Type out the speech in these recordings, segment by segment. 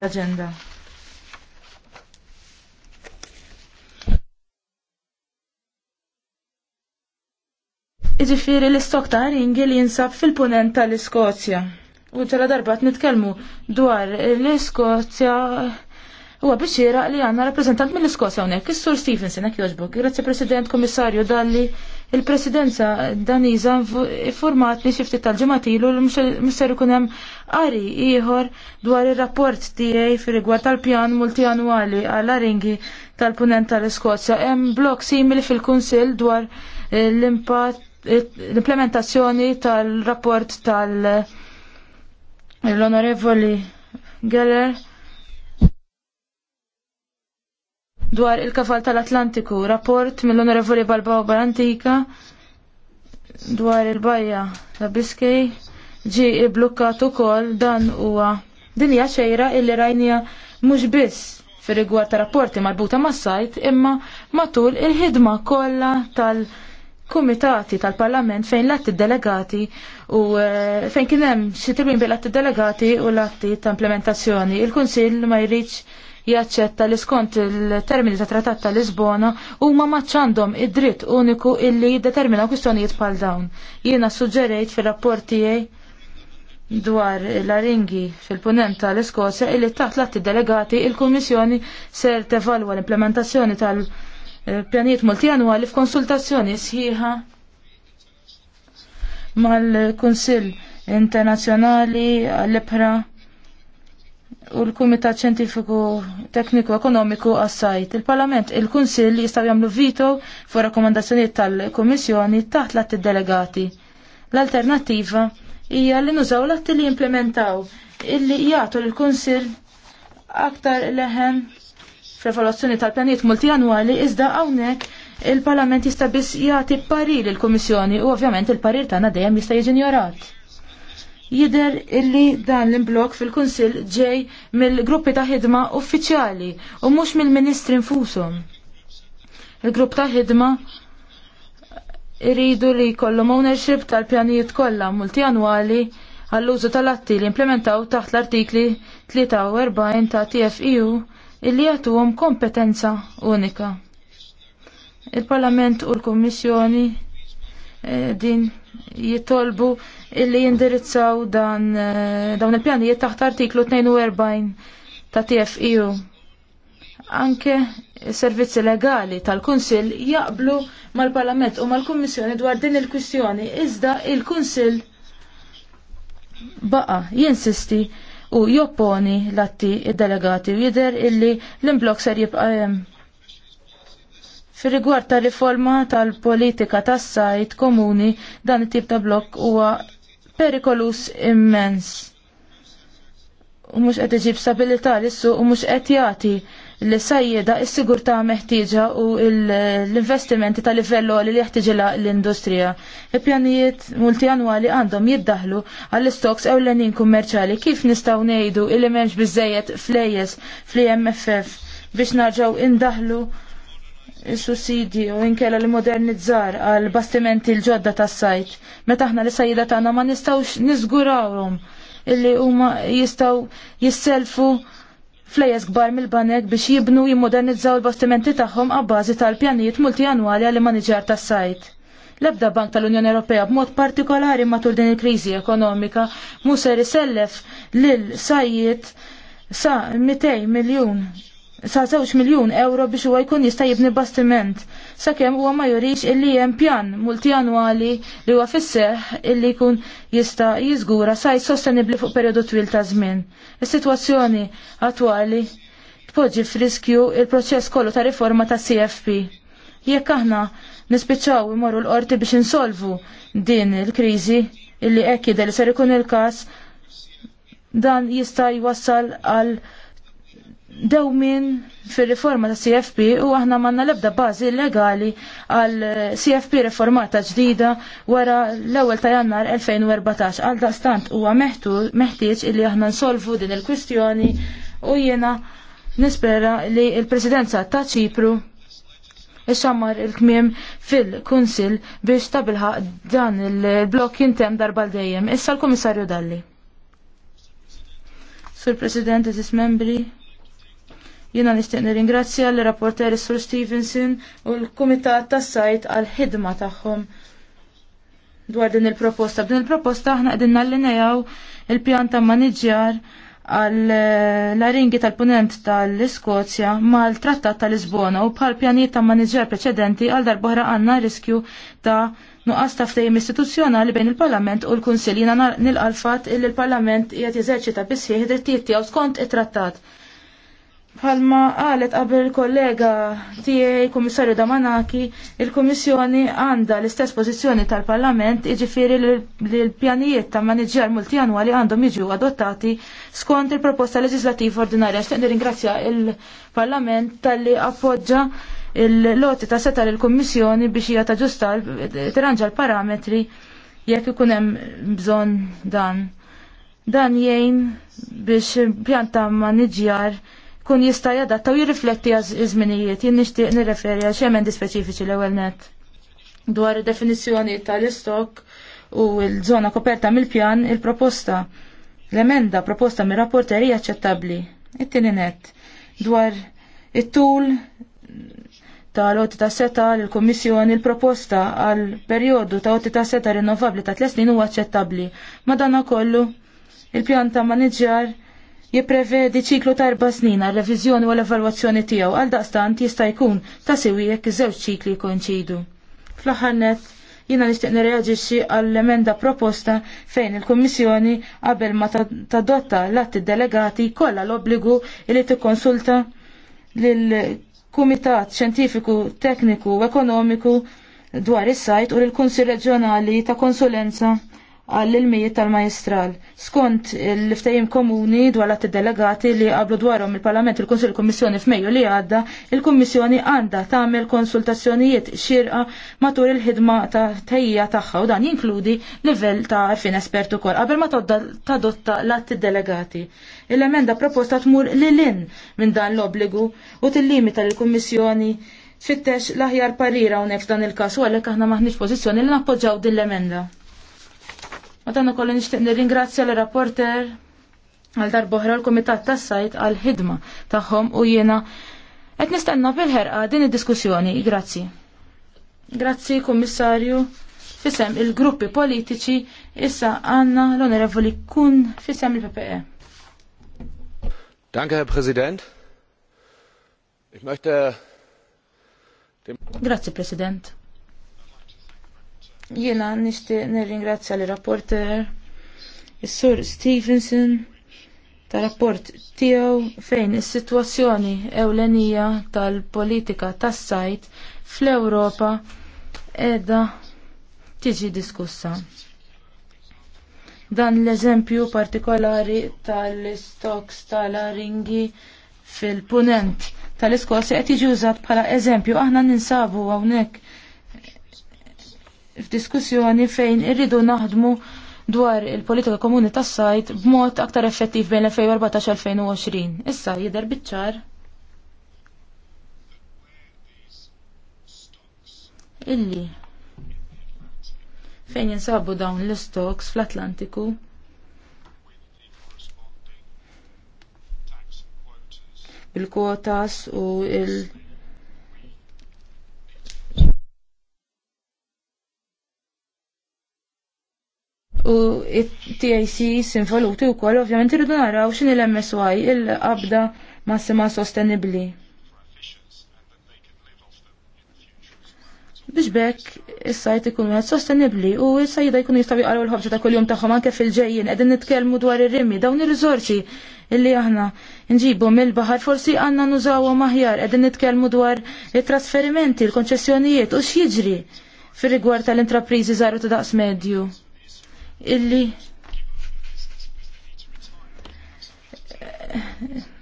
l-agenda. Iġifiri l-istok ta' ringi li jinsab fil-punent tal-Iskozja. U tala darba nitkelmu dwar l-Iskozja huwa biex li għanna rappresentant mill-Iskozja unek, is-Sur Stevenson, ek joġbok, grazie President, Komissarju, dalli. Il-presidenza daniża informatni xi ftit tal-ġematilu li mhux kunem għari hemm qari ieħor dwar ir-rapport tiegħi fir-rigward tal-pjan multianwali għal aringi tal-punent tal-Iskozja. Hemm blok simili fil-Kunsill dwar eh, l eh, l-implementazzjoni tal-rapport tal-onorevoli eh, Geller dwar il-kafal tal-Atlantiku, rapport mill-Onorevoli Balbao Barantika dwar il-bajja ta' Biskej ġi blukkat ukoll dan huwa dinja xejra illi rajnija mhux biss fir-rigward ta' rapporti marbuta mas-sajt imma matul il-ħidma kollha tal- kumitati tal-parlament fejn l-atti delegati u eh, fejn kien hemm xi tilbin bil-atti delegati u l-atti ta' implementazzjoni. Il-Kunsill ma jridx jaċċetta li skont il-termini ta' trattat ta' Lisbona huma maċċandom id-dritt uniku illi jiddetermina kwistjonijiet bħal dawn. Jiena suġġerejt fir-rapport tiegħi dwar l-aringi fil-punent tal iskosja illi taħt l delegati il-Kummissjoni ser tevalwa l-implementazzjoni tal-pjanijiet multianwali f'konsultazzjoni sħiħa mal-Kunsill Internazzjonali għall-Ebra u l-Kumitat Ċentifiku Tekniku Ekonomiku għas-sajt. Il-Parlament, il-Kunsill jistaw jagħmlu vito fuq rakkomandazzjonijiet tal-Kummissjoni taħt l-atti delegati. L-alternattiva hija li nużaw l li implementaw illi jagħtu lill-Kunsill aktar leħen f'evaluazzjoni tal-pjanijiet multianwali iżda hawnhekk il-Parlament jista' biss jagħti parir il-Kummissjoni u ovvjament il-parir tagħna dejjem jista' jiġi jider illi dan l-imblok fil-Kunsil ġej mill-gruppi ta' ħidma uffiċjali u mhux mill-Ministri nfushom. Il-grupp ta' ħidma iridu li jkollhom ownership tal-pjanijiet kollha multianwali għall-użu tal-atti li implementaw taħt l-artikli 43 ta' TFEU illi jagħtuhom kompetenza unika. Il-Parlament u l-Kummissjoni eh, din jitolbu illi jindirizzaw dan eh, dawn il-pjanijiet taħt artiklu 42 ta' TFEU. Anke servizzi legali tal-Kunsill jaqblu mal-Parlament u mal-Kummissjoni dwar din il-kwistjoni iżda il kunsil baqa jinsisti u jopponi l-atti id-delegati u jider illi l-imblok ser jibqa' jem. Fir-rigward ta' riforma tal-politika tas-sajt komuni dan it-tip ta' blok huwa perikolus immens. U mhux qed iġib stabilità lissu u mhux qed jagħti li sajjeda s sigurtà meħtieġa u l-investimenti ta' livello li jeħtieġilha l-industrija. Il-pjanijiet multianwali għandhom jiddaħlu għall-istoks ewlenin kummerċali kif nistgħu ngħidu li m'hemmx biżejjed flejes fl-IMFF biex narġaw indaħlu il-sussidi u inkella li modernizzar għal bastimenti l-ġodda tas sajt Meta aħna li sajida tagħna ma nistgħux niżgurawhom illi huma jistgħu jisselfu flejes kbar mill-banek biex jibnu jimmodernizzaw il-bastimenti tagħhom għabbażi tal-pjanijiet multianwali għal maniġar tas sajt L-ebda bank tal-Unjoni Ewropea b'mod partikolari matul din il-kriżi ekonomika muser isellef lil sajjiet sa 200 miljun sa' zewġ miljun euro biex huwa jkun jista' jibni bastiment. Sakemm huwa ma jurix illi hemm pjan multianwali li huwa fisseħ illi jkun jista' jiżgura sa sostenibbli fuq perjodu twil ta' żmien. Is-sitwazzjoni attwali tpoġġi f'riskju il-proċess kollu ta' riforma ta' CFP. Jekk aħna nispiċċaw imorru l-qorti biex insolvu din il-kriżi illi qed jidher li ser ikun il-każ dan jista' jwassal għal dew min fil-riforma ta' CFP u aħna manna lebda bażi legali għal CFP reformata ġdida wara l-ewwel ta' jannar 2014 għal daqstant huwa meħtieġ illi aħna nsolvu din il-kwistjoni u jiena nispera li l-Presidenza ta' Ċipru iċammar il-kmiem fil-Kunsil biex tabilħaq dan il-blok jintem darba dejjem Issa l-Komissarju Dalli. Sur President, is membri, Jiena nixtieq nirringrazzja l rapporteri Sur Stevenson u l-Kumitat tas-Sajt għal-ħidma tagħhom dwar din il-proposta. B'din il-proposta aħna qegħdin nallinejaw il-pjan ta' maniġjar għall-laringi eh, tal-punent tal-Iskozja mal-Trattat tal-Lisbona u bħal pjanijiet ta' maniġjar preċedenti għal darbohra għandna riskju ta' nuqqas ta' ftehim istituzzjonali bejn il-Parlament u l jina nil nilqalfat il-Parlament qiegħed jeżerċita bisħieħ drittijiet tiegħu skont it-trattat. Palma għalet qabel kollega tiegħi komissarju Damanaki, il komissjoni għandha l-istess pozizjoni tal-Parlament iġifiri li l-pjanijiet ta' maniġjar multianwali għandhom jiġu adottati skont il-proposta leġislativa ordinarja. Xtieq nirringrazzja il-Parlament tal-li appoġġa il-loti ta' seta l-Kummissjoni biex hija taġusta tiranġa l-parametri jekk ikun hemm bżonn dan. Dan jgħin biex pjanta maniġjar kun jista' jadatta u jirrifletti għaz żminijiet Jien nixtieq nirreferi għal xi emendi speċifiċi l-ewwel net. Dwar id-definizzjoni tal-istok u l-żona koperta mill-pjan il-proposta. L-emenda proposta mir rapporteri aċċettabbli. It-tieni net dwar it-tul tal-oti ta' seta l-Komissjoni l-proposta għal periodu ta' oti ta' seta rinnovabli ta' tlesnin u huwa aċċettabbli. Madonna kollu, il-pjan ta' maniġjar jipprevedi ċiklu ta' erba' snin għal reviżjoni u l-evalwazzjoni tiegħu għal daqstant jista' jkun ta' siwi jekk żewġ ċikli jkoinċidu. Fl-aħħar net jiena nixtieq nirreaġixxi għall-emenda proposta fejn il-Kummissjoni qabel ma tadotta l-atti delegati kollha l-obbligu li tikkonsulta lil Kumitat Xjentifiku, Tekniku u Ekonomiku dwar is-sajt u l kunsill Reġjonali ta' Konsulenza għall-ilmijiet tal-majestral. Skont l-iftajim komuni dwar l delegati li qablu dwarhom il-Parlament il-Kunsil Kommissjoni f'Mejju li għadda, il-Kummissjoni għandha tagħmel konsultazzjonijiet xirqa matul il-ħidma ta' tejja tagħha u dan jinkludi livell ta' fin espert ukoll qabel ma tadotta l-atti delegati. Il-emenda proposta tmur lilin minn dan l-obligu u tillimita lill-Kummissjoni tfittex l-aħjar parira unek f'dan il-kas u għalek aħna maħniġ pozizjoni li nappoġġaw din l-emenda. Ma dan ukoll nixtieq nirringrazzja l rapporter għal darboħra l-Kumitat tas-Sajt għal ħidma tagħhom u jiena qed nistenna bil-ħerqa din id-diskussjoni. Grazzi. Grazzi, Kummissarju. Fisem il-gruppi politiċi issa għanna l-Onorevoli Kun fisem il-PPE. Danke, Herr Präsident. Ich möchte Grazie, President. Jiena nixtieq nirringrazzja l rapporter is-Sur Stevenson ta' rapport tiegħu fejn is-sitwazzjoni ewlenija tal-politika tas-sajt fl-Ewropa qiegħda tiġi diskussa. Dan l-eżempju partikolari tal-istoks tal-aringi fil-punent tal-Iskozja qed jiġi użat bħala eżempju aħna ninsabu hawnhekk f'diskussjoni fejn irridu naħdmu dwar il-politika komuni tas sajt b'mod aktar effettiv bejn 2014 2020 Issa jidher biċ-ċar illi fejn jinsabu dawn l-istoks fl-Atlantiku bil kotas u il- u it sinvoluti involuti wkoll ovvjament irridu naraw x'in il-MSY il-qabda massima sostenibbli. biex bekk is-sajt ikun wieħed sostenibbli u s-sajda jkun jistgħu jqalgħu l-ħobġa ta' kuljum tagħhom anke fil-ġejjin qegħdin nitkellmu dwar ir-rimmi dawn ir-riżorsi illi aħna nġibu mill-baħar forsi għandna nużawhom aħjar qegħdin nitkellmu dwar it-trasferimenti, l-konċessjonijiet u x'jiġri fir-rigward tal-intrapriżi żaru ta' daqs medju illi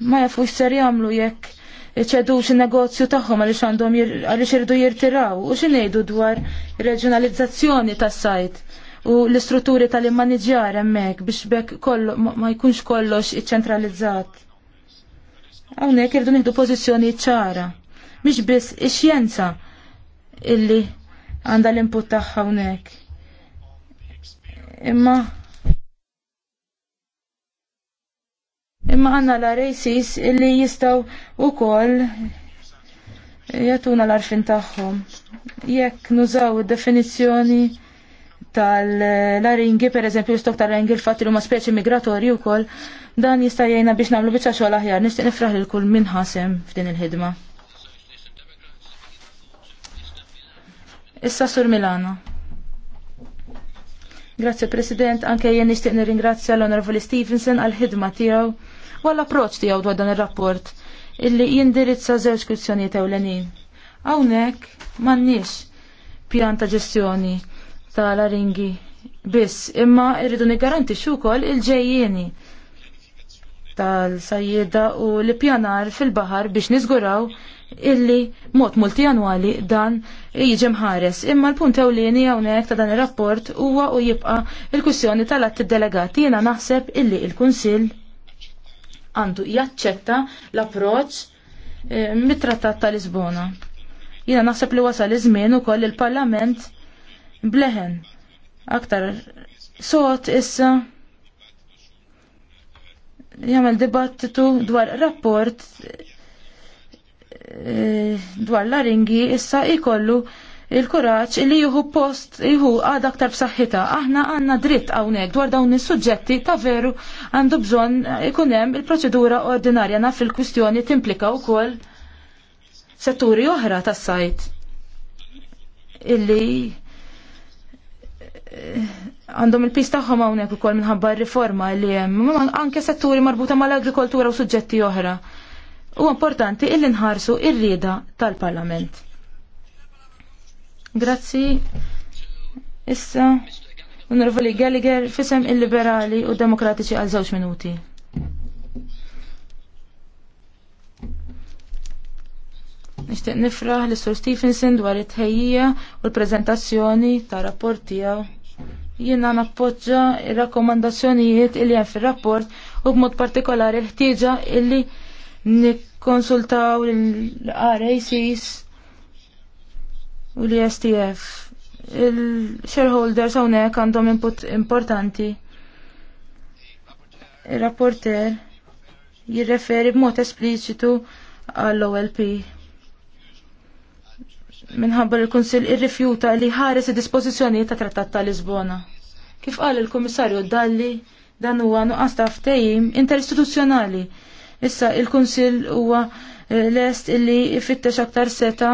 ma jafu ser jamlu jekk xin negozju tagħhom għaliex għandhom għaliex jirdu jirtiraw u x'ngħidu dwar ir-reġionalizzazzjoni tas-sajt u l-istrutturi tal-immaniġjar hemmhekk biex bekk kollo ma jkunx kollox iċċentralizzat. Hawnhekk irdu nieħdu pożizzjoni ċara. Mhix biss ix-xjenza illi għandha l-input tagħha hawnhekk. Imma Imma għanna la races illi jistaw u koll jatuna l-arfin taħħom. Jekk nużaw definizjoni tal-laringi, per eżempju, stok tal-laringi l-fatti huma speċi migratorji u koll, dan jista' jgħinna biex nagħmlu biċċa xogħol aħjar, nixtieq nifraħ lil kull minħasem ħasem f'din il-ħidma. Issa Sur Milano. Grazie President, anke jien nixtieq nirringrazzja l honorable Stevenson għal ħidma tiegħu u għall approċċ tiegħu dwar dan ir-rapport illi jindirizza żewġ kwistjonijiet ewlenin. Hawnhekk m'għandniex pjan ta' ġestjoni tal-aringi biss, imma rridu niggarantixxu wkoll il-ġejjieni tal-sajjeda u l-pjanar fil-bahar biex nizguraw illi mod multijanwali dan jiġi mħares. Imma l-punt ewlieni hawnhekk ta' dan ir-rapport huwa u jibqa' l kwissjoni tal-atti delegati jiena naħseb illi l kunsill għandu jaċċetta l-approċ eh, mit-trattat ta' Lisbona. Jiena naħseb li wasal iż-żmien ukoll il-Parlament bleħen aktar sot issa jagħmel dibattitu dwar rapport eh, dwar Laringi issa ikollu il-kuraċ li juhu post juhu għad aktar b'saħħita. Aħna għanna dritt għawnek dwar dawn is-suġġetti ta' veru għandu ikun ikunem il-proċedura ordinarja naf il-kwistjoni timplika u koll setturi oħra tas sajt illi eh, għandhom il-pis tagħhom hawnhekk ukoll minħabba r-riforma li hemm anke setturi marbuta mal-agrikoltura u suġġetti oħra. U importanti illi nħarsu il rieda tal-Parlament. Grazzi. Issa, Onorevoli Gallagher, fisem il-liberali u demokratiċi għal żewġ minuti. Nishtiq nifraħ l-Sur Stevenson dwar it-ħejjija u l-prezentazzjoni ta' rapport tiegħu Jiena nappoġġa r rakkomandazzjonijiet li hemm fir-rapport u b'mod partikolari l-ħtieġa illi nikkonsultaw l-RACs u l-STF. E Il-shareholders hawnhekk għandhom input importanti. Ir-rapporter jirreferi b'mod espliċitu għall-OLP minħabba l-Kunsill irrifjuta li ħares id disposizjoni ta' Trattat ta' Lisbona. Kif qal il-Kummissarju Dalli, dan huwa nuqqas ta' ftehim interistituzzjonali. Issa il-Kunsill huwa eh, lest illi jfittex aktar seta'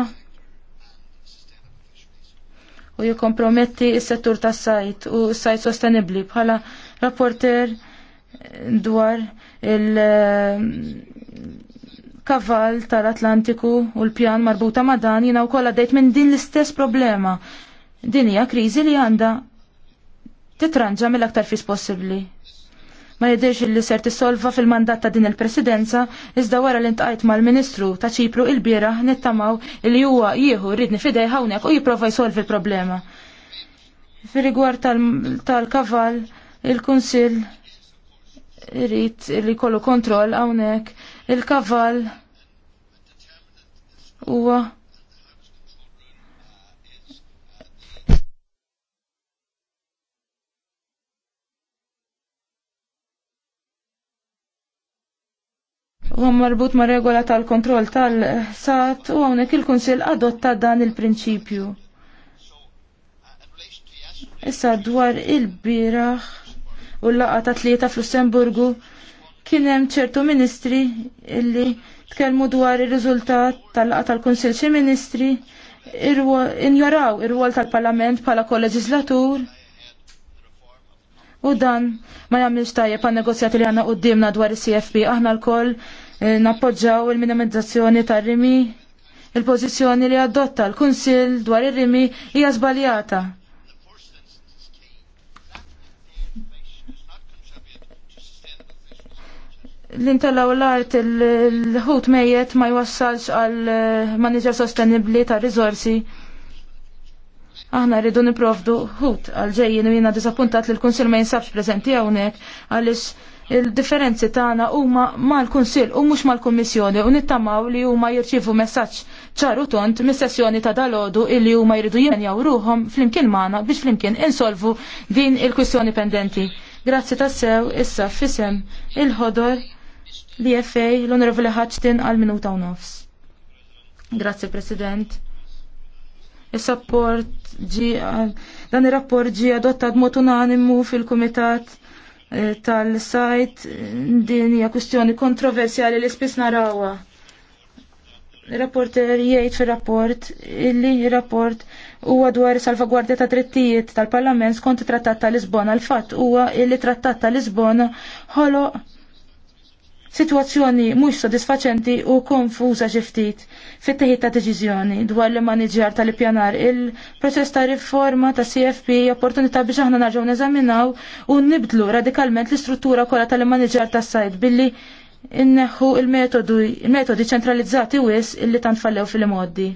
u jikkomprometti s-settur tas sajt u s-sajt sostenibli bħala rapporter dwar il- kaval tal-Atlantiku u l-pjan marbuta ma' dan jina wkoll dejt minn din l-istess problema. Din hija kriżi li għandha titranġa mill-aktar fis possibbli. Ma jidirx li ser tissolva fil-mandat ta' din il-presidenza, iżda wara li ntqajt mal-Ministru ta' Ċipru il-bira nittamaw li huwa jieħu ridni fidej hawnhekk u jipprova jsolvi il-problema. Fir-rigward tal-kaval, il-Kunsill irrit li kollu kontroll hawnhekk il-kaval huwa huwa marbut ma' regola tal-kontroll tal-sat u hawnhekk il-Kunsill adotta dan il-prinċipju. Issa dwar il-biraħ u l-laqa ta' tlieta fl-Lussemburgu kien hemm ċertu ministri illi tkellmu dwar ir-riżultat tal-laqa tal-Kunsill xi ministri injoraw ir-rwol tal-Parlament bħala kol-leġislatur u dan ma jagħmilx tajjeb għan negozjati li għandna quddiemna dwar is-CFP aħna l-koll eh, nappoġġaw il-minimizzazzjoni tar-rimi il-pożizzjoni li adotta l-Kunsill dwar ir-rimi hija żbaljata l-intelaw l-art il-ħut mejet ma jwassalx għal eh, manager sostenibli ta' rizorsi. Aħna rridu niprofdu ħut għal ġejjin u jina disappuntat li l-Kunsil ma jinsabx prezenti hawnhekk għaliex il-differenzi tagħna huma mal-Kunsil u mhux mal-Kummissjoni u nittamaw li huma jirċievu messaġġ ċaru tont mis-sessjoni ta' dalodu illi huma jridu jenjaw ruhom flimkien magħna biex flimkien insolvu din il-kwistjoni pendenti. Grazzi tassew issa fisem il-ħodor BFA l-Onorevoli Hatchton, għal minuta u nofs. Grazie President. il sapport ġi, dan il-rapport ġi adottat mod unanimu fil-Kumitat eh, tal-sajt din hija kwistjoni kontroversjali li spiss narawha. Rapporter jgħid fir-rapport illi rapport huwa dwar salvagwardja ta' drittijiet tal-Parlament skont it-Trattat ta' Lisbona. L-fatt huwa illi trattat ta' Lisbona ħoloq Situazzjoni mhux sodisfaċenti u konfuża xi ftit fit-teħid ta' deċiżjoni dwar l maniġjar tal-ippjanar il-proċess ta' riforma ta' CFP opportunità biex aħna narġgħu neżaminaw u nibdlu radikalment l-istruttura kollha tal-maniġjar tas-sajd billi inneħħu il-metodi ċentralizzati wis illi tant fil-modi.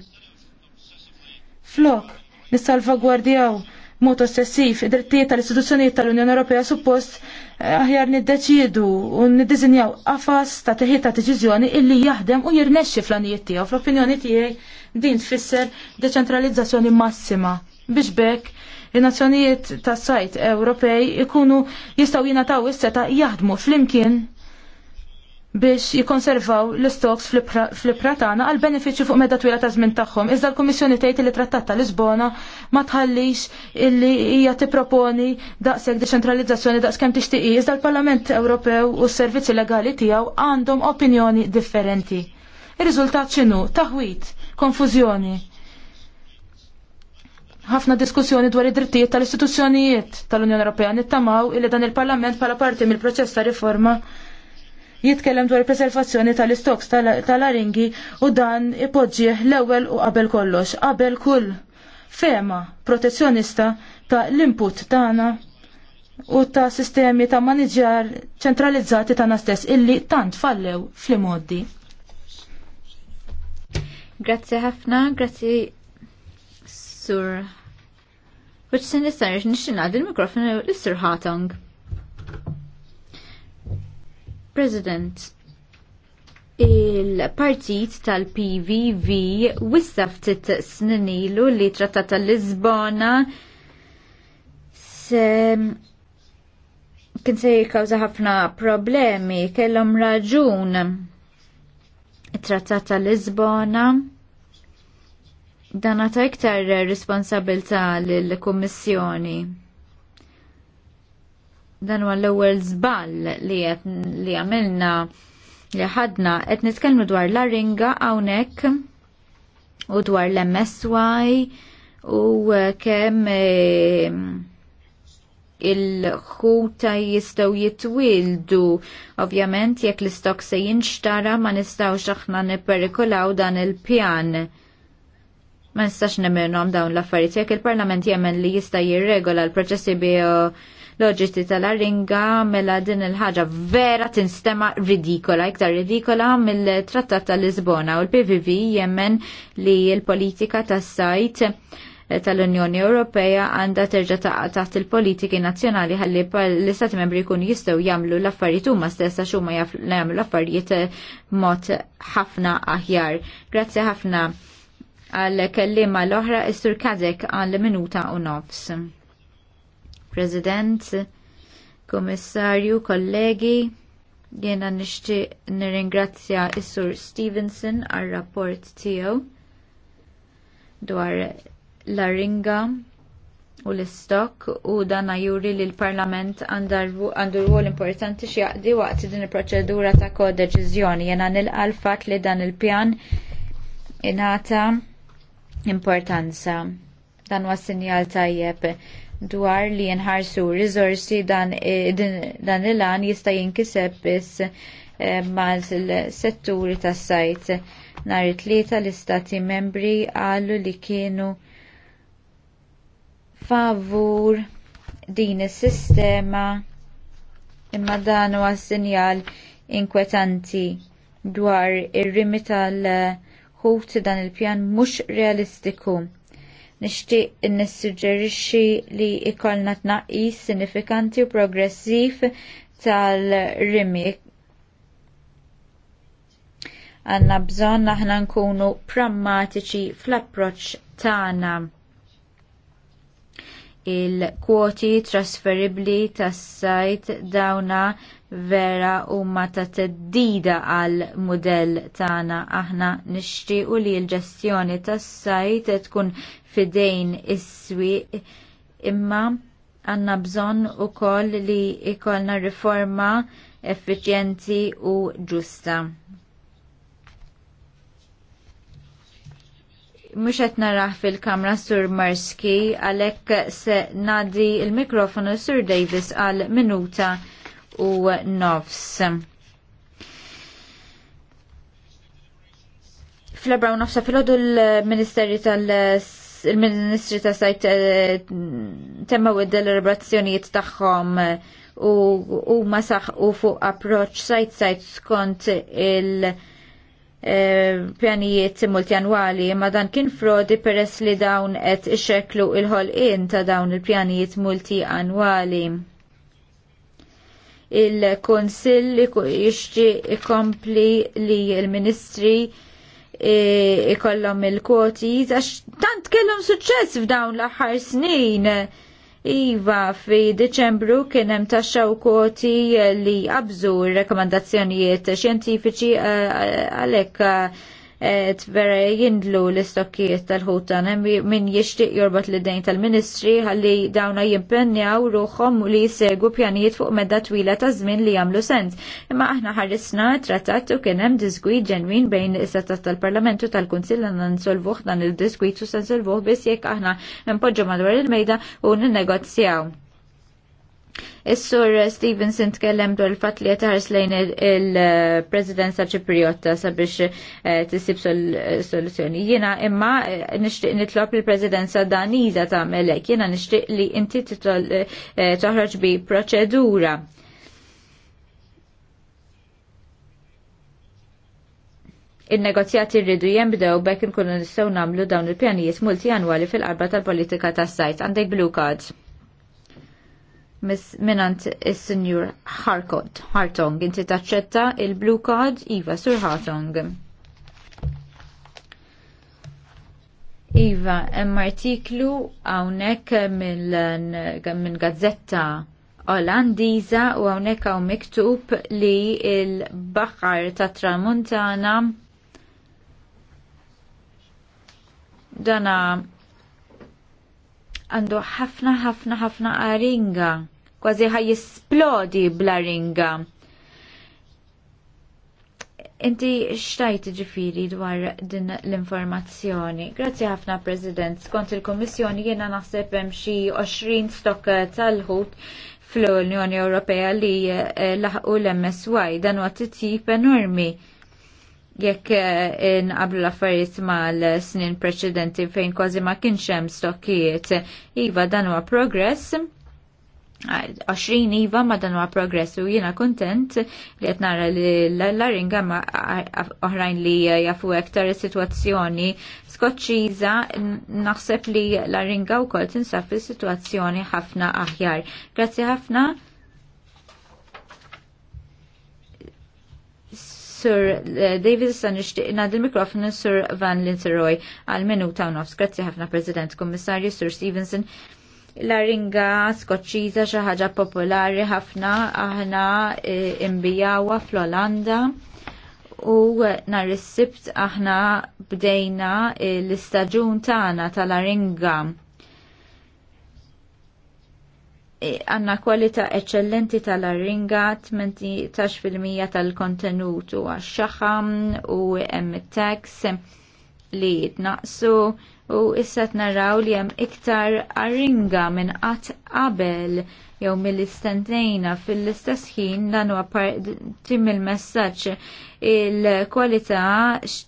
Flok, nissalvagwardjaw mod ossessiv id-drittijiet tal-istituzzjonijiet tal-Unjoni Ewropea suppost eh, aħjar niddeċidu u niddiżinjaw qafas ta' teħid ta' deċiżjoni illi jaħdem u jirnexxi fl-anijiet tiegħu. Fl-opinjoni tiegħi din tfisser deċentralizzazzjoni massima biex bekk in-nazzjonijiet tas-sajt Ewropej ikunu jistgħu jingħataw is-seta' jaħdmu flimkien biex jikonservaw l-istoks fl-ipra tagħna għal benefiċċju fuq meta twila ta' żmien tagħhom. Iżda l-Kummissjoni tgħid li trattat ta' Lisbona ma tħallix illi hija tipproponi daqshekk deċentralizzazzjoni kemm tixtieq, Iżda l-Parlament Ewropew u s-servizzi legali tiegħu għandhom opinjoni differenti. Ir-riżultat x'inhu? Taħwit, konfużjoni. Ħafna diskussjoni dwar id-drittijiet tal-istituzzjonijiet tal-Unjoni Ewropea nittamaw illi dan il-Parlament bħala parti mill-proċess ta' riforma jitkellem dwar preservazzjoni tal-istoks tal-aringi u dan ipoġġieħ l-ewwel u qabel kollox, qabel kull fema protezzjonista ta' l-input tagħna u ta' sistemi ta' maniġjar ċentralizzati tagħna stess illi tant fallew fl-imoddi. Grazzi ħafna, grazzi sur. Wiċ sen nistan nixin il-mikrofonu l-Sir Hatong. President, il-partit tal-PVV wissaf ftit sninilu li trattat tal-Lisbona se kien se jikkawża ħafna problemi, kellhom raġun. It-trattat tal-Lisbona dan għata' iktar responsabilta lill-Kummissjoni dan huwa l-ewwel żball li qed li għamilna li ħadna qed nitkellmu dwar l-aringa hawnhekk u dwar l-MSY u kemm e, il-ħuta jistaw jitwildu. Ovvjament, jekk l-istok se jinxtara, ma nistgħux aħna niperikolaw dan il-pjan. Ma nistax nemmenom dawn l-affarijiet. Jekk il-Parlament jemmen li jista' jirregola l-proċessi bio loġisti tal arringa mela din il-ħaġa vera tinstema ridikola, iktar ridikola mill-trattat tal-Lisbona u l-PVV jemmen li l-politika tas-sajt tal-Unjoni Ewropea għandha terġa' taqa' taħt il-politiki nazzjonali għalli l-Istati membri kun jistgħu jagħmlu l-affarijiet huma stessa x'huma jagħmlu l-affarijiet mod ħafna aħjar. Grazzi ħafna għal kellima l-oħra is-Sur Kazek għal minuta u nofs. President, Komissarju, kollegi, jiena nishti nirringrazzja Isur sur Stevenson ar rapport tiegħu dwar l-aringa u l-istok u dan juri li l-Parlament għandu rwol importanti x'jaqdi waqt din il-proċedura ta' kodeċiżjoni. jena nil l li dan il-pjan inata importanza. Dan huwa sinjal tajjeb dwar li nħarsu rizorsi dan, eh, il-lan jista' jinkiseb biss eh, mal-setturi tas-sajt. Nhar it-tlieta l-istati membri qalu li kienu favur din is-sistema imma dan huwa sinjal inkwetanti dwar ir-rimi tal-ħut dan il-pjan mhux realistiku Nixtieq nissuġġerixxi li t tnaqqis sinifikanti u progressiv tal-rimi. Għanna bżonn aħna nkunu prammatiċi fl-approċċ tagħna il-kwoti trasferibbli tas-sajt dawna vera huma ta' teddida għal mudell tagħna aħna nixtiequ li l-ġestjoni tas-sajt tkun fidejn is-swieq imma għanna bżon u koll li ikolna riforma effiċjenti u ġusta. Mux qed naraħ fil-kamra Sur Marski, għalhekk se nadi il-mikrofonu Sur Davis għal minuta u nofs. Fl-ebra u nofsa fil l-Ministeri tal- il-Ministri ta' sajt eh, u id delibrazzjoniet tagħhom u huma u fuq approċċ sajt sajt skont il- eh, pjanijiet multjanwali ma dan kien frodi peress li dawn qed ixxeklu il-ħolqien ta' dawn il-pjanijiet multianwali il-Konsill jixti ikompli li il-Ministri e, ikollhom il-kwoti għax tant kellhom suċċess f'dawn l-aħħar snin. Iva, fi Deċembru kien hemm taxxa kwoti li qabżu r rekomandazzjonijiet xjentifiċi għalhekk vera jindlu l-istokkijiet tal-ħutan min jixtieq jorbat li dejn tal-ministri ħalli dawna jimpenjaw ruħhom li jisegu pjanijiet fuq medda twila ta' żmien li jagħmlu sens. Imma aħna ħarisna trattat u kien hemm ġenwin bejn is-setat tal-Parlamentu tal-Kunsill għandna nsolvuh dan il-diskwit u se nsolvuh biss jekk aħna npoġġu madwar il-mejda u ninnegozjaw. Is-sur Stevenson tkellem dwar il-fatt li jtaħars lejn il-Presidenza Ċipriotta sabiex eh, tisib soluzzjoni. Jiena imma eh, nixtieq nitlob il-Presidenza Daniża tagħmel hekk. Jiena nixtieq li inti eh, toħroġ bi proċedura. Il-negozjati rridu jembdew bekk inkunu nistgħu nagħmlu dawn il-pjanijiet multi annwali fil-qarba tal-politika tas-sajt. Għandek blue cards minant il-Senjur Harkot, Hartong, inti taċċetta il-Blue Card Iva Sur Hartong. Iva, hemm artiklu hawnhekk minn gazzetta Olandiża u hawnhekk hawn miktub li l-baħar tat Tramuntana dana għandu ħafna ħafna ħafna aringa, kważi ħaj jisplodi bl-aringa. Inti xtajt ġifiri dwar din l-informazzjoni. Grazzi ħafna, President. Skont il komissjoni jena naħseb hemm xi 20 stok tal-ħut fl-Unjoni Ewropea li eh, laħqu l-MSY dan huwa titjib enormi jekk eh, qablu l-affarijiet mal-snin preċedenti fejn kważi ma kienx hemm stokkijiet. Iva dan huwa progress. 20 iva ma dan huwa progress u jiena kontent li qed nara li l-laringa ma oħrajn li jafu aktar is-sitwazzjoni skoċċiża naħseb li l-laringa wkoll tinsab fis-sitwazzjoni ħafna aħjar. Grazzi ħafna. Sir eh, David san nixtieq ngħaddi l-mikrofonu Sir Van Linteroy għal minuta u nofs. Grazzi ħafna President Kummissarju Sir Stevenson l-aringa skoċċiża xi ħaġa popolari ħafna aħna eh, imbijawa fl-Olanda u nhar is-sibt aħna bdejna eh, l-istaġun tagħna tal-aringa Eh, għanna kwalità eccellenti tal-arringa, 18% tal-kontenutu għax-xaħam u hemm tax li jitnaqsu u issa naraw li hemm iktar arringa minn qatt qabel jew mill-istantejna fil-istess ħin dan huwa parti mill-messaġġ il-kwalità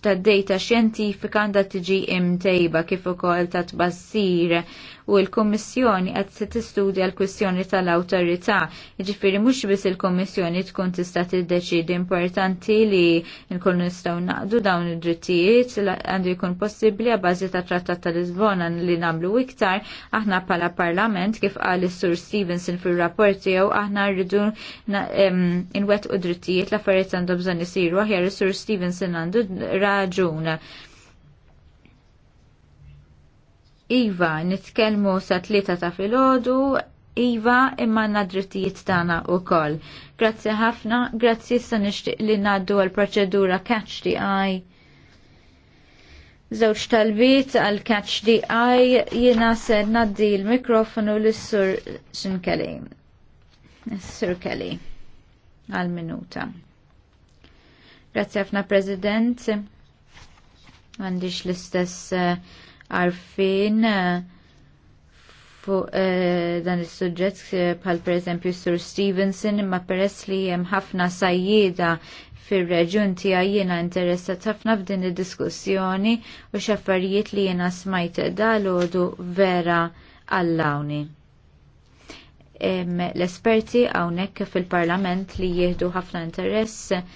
tad-dejta xjentifika għandha tiġi imtejba kif ukoll ta' tbassir u l-Kummissjoni qed tistudja l-kwistjoni tal-awtorità. Jiġifieri mhux biss il-Kummissjoni tkun tista' tiddeċidi importanti li nkunu nistgħu naqdu dawn id-drittijiet għandu jkun possibbli għabbażi bażi ta' trattat trattat ta' Lisbona li namlu iktar, aħna pala parlament kif għal sur Stevenson fil rapport jew aħna rridu inwet u drittijiet la affarijiet għandu bżonn isiru aħjar sur Stevenson għandu raġun. Iva, nitkellmu sa tlieta ta' filgħodu, Iva imma għandna drittijiet tagħna wkoll. Grazzi ħafna, grazzi issa nixtieq li ngħaddu għall proċedura catch the eye Żewġ talbit għal catch di għaj jina ser naddi l-mikrofonu l-sur sunkeli. Sur Kelly għal minuta. Grazie għafna President. Għandix l-istess għarfin eh, eh, fuq eh, dan il-sujġet bħal per eżempju Sur Stevenson imma peress li hemm ħafna sajjida fir-reġjun tiegħi jiena interessat ħafna f'din id-diskussjoni u x'affarijiet li jiena smajt dalodu vera għallawni. L-esperti hawnhekk fil-Parlament li jieħdu ħafna interess eh,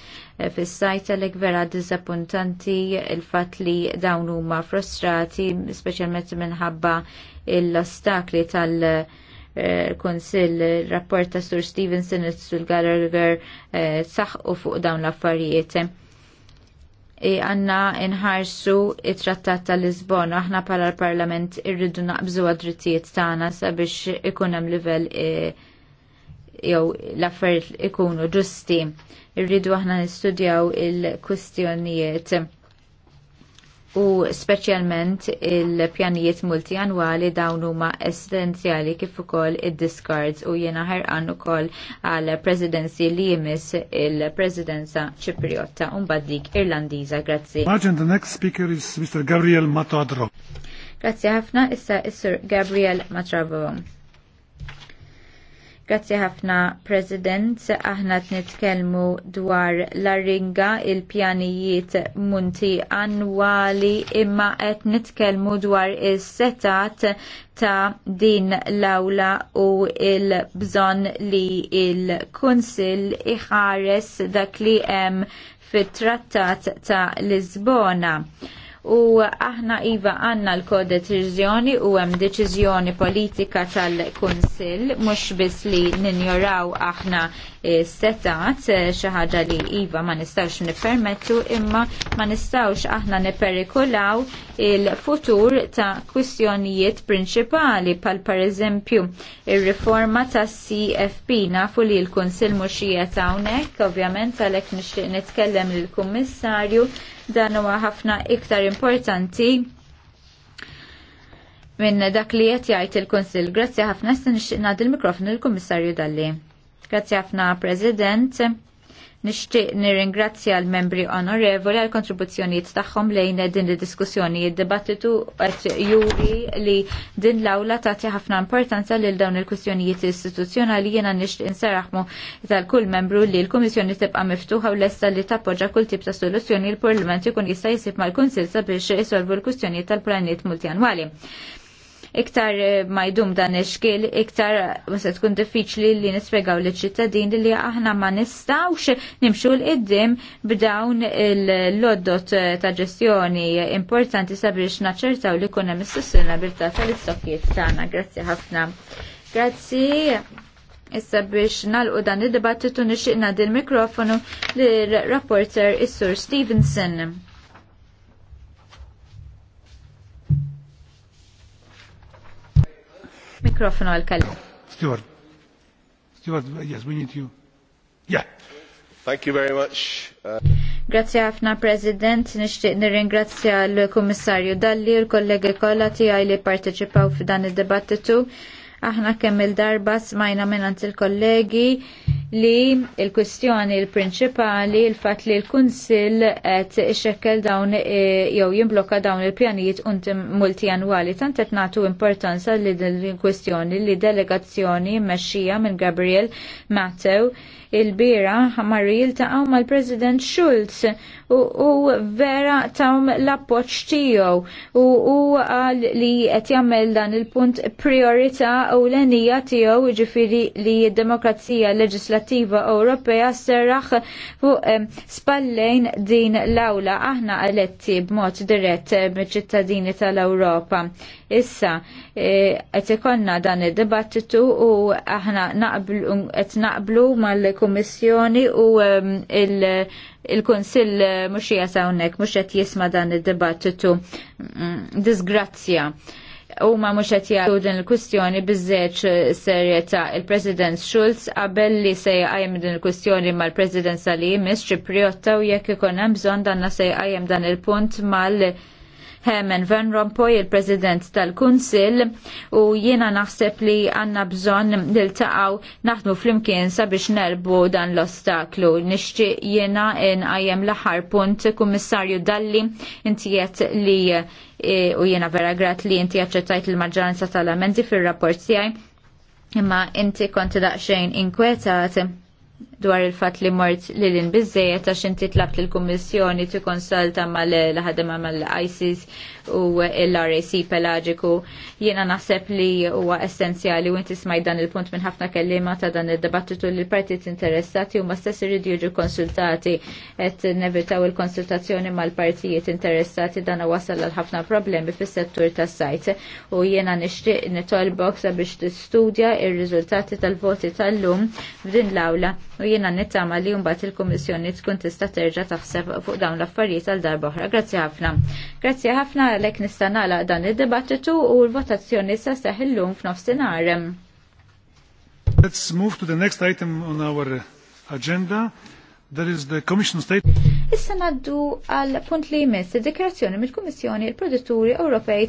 fis-sajt għalhekk vera dizappuntanti il-fatt li dawn huma frustrati speċjalment minħabba l-ostakli tal- konsil rapport ta' Sur Stevenson sul Gallagher eh, u fuq dawn l-affarijiet. E, għanna nħarsu it-trattat ta' Lisbona, aħna pala l-Parlament irridu naqbżu għadrittijiet tagħna sabiex ikun hemm livell e, jew l-affarijiet ikunu ġusti. Irridu aħna nistudjaw il-kwistjonijiet u speċjalment il-pjanijiet multianwali dawn huma essenzjali kif ukoll id-discards u jiena ħerqan ukoll għal presidenzi li jmiss il-presidenza Ċipriotta u mbagħad dik Irlandiża. Grazzi. Imagine the next speaker is Mr. Gabriel Matadro. Grazzi ħafna issa is-Sir Gabriel Matadro. Grazzi ħafna, President. Aħna t-nitkelmu dwar l-arringa il-pjanijiet munti annwali imma qed nitkelmu dwar is-setat ta' din l-awla u il-bżon li il-Kunsil iħares dak li hemm fit-trattat ta' Lisbona u aħna iva għanna l-kodeċizjoni u hemm deċiżjoni politika tal-Kunsill mhux biss li ninjoraw aħna e, setat e, xi ħaġa li iva ma nistawx nippermettu imma ma nistawx aħna nipperikulaw il-futur ta' kwistjonijiet prinċipali pal eżempju il riforma tas CFP nafu li l-Kunsill mux jietawnek hawnhekk ovvjament għalhekk nixtieq nitkellem lill-Kummissarju dan huwa ħafna iktar importanti minn dak li qed jgħid il-Kunsill. Grazzi ħafna se nixtieq nagħti l-mikrofon lill-Kummissarju Dalli. Grazzi ħafna President. Nixtieq nirringrazzja l-membri onorevoli għal kontribuzzjonijiet tagħhom lejn din id-diskussjoni. Id-dibattitu qed juri li din l-awla tagħti ħafna importanza lil dawn il-kwistjonijiet istituzzjonali jiena nixtieq inseraħmu tal-kull membru li l-Kummissjoni tibqa' miftuħa u lesta li tappoġġa kull tip ta' soluzzjoni l-Parlament ikun jista' jisib mal-Kunsil sabiex isolvu l-kwistjonijiet tal-planijiet multjanwali. Eh, iktar ma jdum dan il xkil iktar se tkun diffiċli li nispjegaw liċ ċittadin li aħna ma nistawx nimxu l-qiddim b'dawn l-loddot eh, ta' ġestjoni importanti sabiex naċċertaw li jkun hemm is-sustenabilità tal-istokkijiet tagħna. Grazzi ħafna. Grazzi. Issa biex nalqu dan id-dibattitu ngħaddi din mikrofonu l-rapporter is-Sur Stevenson. mikrofonu għal-kellim. Stuart. Stuart, yes, we need you. Yeah. Thank you very much. Uh... Grazie għafna, President, nixtieq nirringrazzja l kommissarju Dalli l-kollegi kollha tiegħi li parteċipaw f'dan il-debattitu. Aħna kemm il-darba smajna minnant il-kollegi li il-kwistjoni il-prinċipali il-fat li l-Kunsill qed ixekkel dawn e, jew jimblokka dawn il-pjanijiet unti multijanwali tant qed nagħtu importanza li din kwistjoni li delegazzjoni mexxija minn Gabriel Mattew il-bira ħamarri jiltaqgħu mal-President Schulz u vera tawm l-appoġġ tiegħu u għal li qed jagħmel dan il-punt priorità u l-enija tiegħu jiġifieri li d-demokrazija leġislattiva Ewropea serraħ fuq spallejn din l-awla aħna eletti b'mod dirett mill-ċittadini tal-Ewropa. Issa, e, qed ikonna dan id-dibattitu u aħna qed naqblu mal-Kummissjoni u il-Kunsill mhux qiegħed hawnhekk mhux qed jisma' dan id-dibattitu. Mm, disgrazzja u ma mux għatjadu din il-kustjoni bizzeċ serjeta il-President Schulz qabel li se jgħajem din il-kustjoni mal president Salim, Mr. Priotta u jekk ikun hemm bżonn danna se jgħajem dan il-punt mal- Hemen Van Rompuy, il-President tal-Kunsil, u jiena naħseb li għanna bżon dil-taqaw naħdmu fl-imkien sabiex nerbu dan l-ostaklu. Nixti jiena nqajjem l-aħħar punt, Kummissarju Dalli, intijet li e, u jiena vera grat li inti aċċettajt il-maġġoranza tal-amendi fil-rapport tiegħi imma inti konti daqsxejn inkwetat dwar il-fat li mort li l-in bizzejet għax inti tlabt l-Kommissjoni tikkonsalta mal-ħadema mal-ISIS u l-RAC pelagiku. Jiena naħseb li huwa essenzjali u inti smaj dan il-punt minn ħafna kellima ta' dan il-dibattitu li l-partit interessati u ma stess irridu jiġu konsultati et nevitaw il-konsultazzjoni mal-partijiet interessati dan wasal għal ħafna problemi fis-settur tas-sajt u jiena nixtieq nitolbok sabiex tistudja il riżultati tal-voti tal-lum f'din l-awla U jiena nittama li jumbat il-Kummissjoni tkun tista' terġa' taħseb fuq dawn l-affarijiet għal darba oħra. Grazzi ħafna. Grazzi ħafna għalhekk nista' nagħlaq dan id-dibattitu u l-votazzjoni se seħ illum f'nofsinhar. Let's move to the next item on our agenda. That is the Commission State. Issa naddu għal punt li jmiss id-dikrazzjoni mill-Kummissjoni il-Produtturi Ewropej